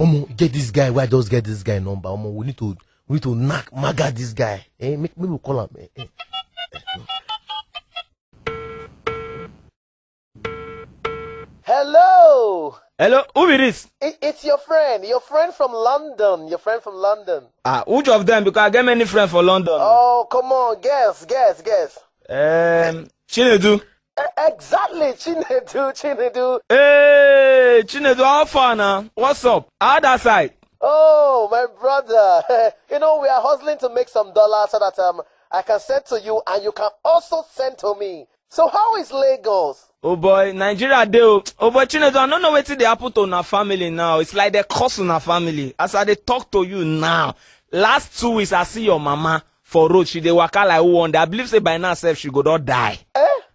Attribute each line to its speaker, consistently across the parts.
Speaker 1: omo get this guy why just get this guy number omo we need to we need to knack maga this guy eh make maybe we call am eh. eh. Hello.
Speaker 2: Hello, who is this?
Speaker 1: It, it's your friend, your friend from London, your friend from London.
Speaker 2: Ah, which of them? Because I get many friends for London.
Speaker 1: Oh, come on, guess, guess, guess.
Speaker 2: Um, Chinedu.
Speaker 1: E, exactly, Chinedu,
Speaker 2: Chinedu. Hey. Eh, Chinedu, how far now? What's up? Other side.
Speaker 1: Oh, my brother. you know, we are hustling to make some dollars so that um, I can send to you and you can also send to me. So how is Lagos?
Speaker 2: Oh boy, Nigeria deal. o. Oh. oh boy, Chinedu, I no know wetin dey happen to una family now. It's like they on una family. As I dey talk to you now, last two weeks I see your mama for road. She dey waka like who wonder. I believe say by now sef she go don die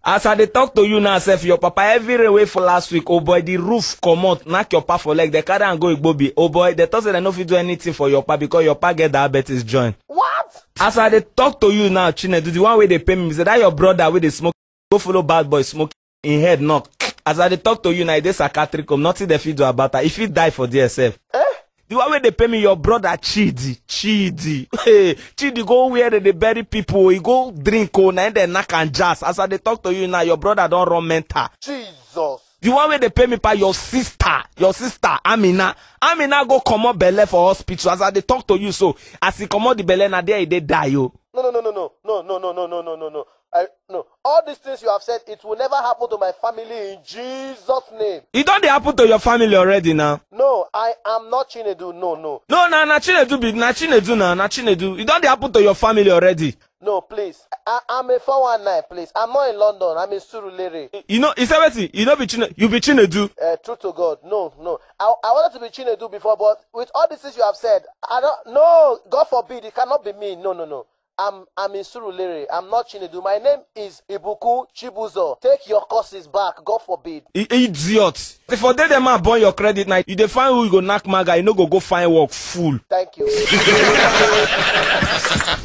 Speaker 2: as i dey talk to you now sef your papa everywhere wey for last week oh boy the roof comot knack your papa for leg dem carry am go igbobi oh boy dem talk say dem no fit do anything for your papa because your papa get diabetes join. what. as i dey talk to you now chinedu the one wey dey pay me say that your brother wey dey smoke go follow bad boy smoke im head knock as i dey talk to you now e dey psychiatric home oh, nothing dem fit do about am e fit die for there sef. Eh? the one wey they pay me your brother chidi chidi hey chidi go where they dey bury people He go drink o na they knock and jazz as i they talk to you now your brother don't run mental.
Speaker 1: jesus.
Speaker 2: the one wey they pay me by your sister your sister amina amina go come comot belle for hospital as i they talk to you so as he come comot the belle na there e dey die o.
Speaker 1: no no no no no no no no no no no no I, no. All these things you have said, it will never happen to my family in Jesus' name.
Speaker 2: It don't happen to your family already now.
Speaker 1: I am not Chinedu. No,
Speaker 2: no. No, no, na Chinedu be na Chinedu na na Chinedu. It don't happen to your family already.
Speaker 1: No, please. I, I'm a 419, please. I'm not in London. I'm in Surulere.
Speaker 2: You know, it's everything. You know, be Chine, you be Chinedu. Uh,
Speaker 1: true to God. No, no. I, I wanted to be Chinedu before, but with all the things you have said, I don't. No, God forbid. It cannot be me. No, no, no. I'm, I'm in Surulere. I'm not Chinedu. My name is Ibuku Chibuzo. Take your courses back. God forbid.
Speaker 2: I, idiot. If for day them are born your credit night, you define who you go knock maga, you no go go find work fool. Thank
Speaker 1: you.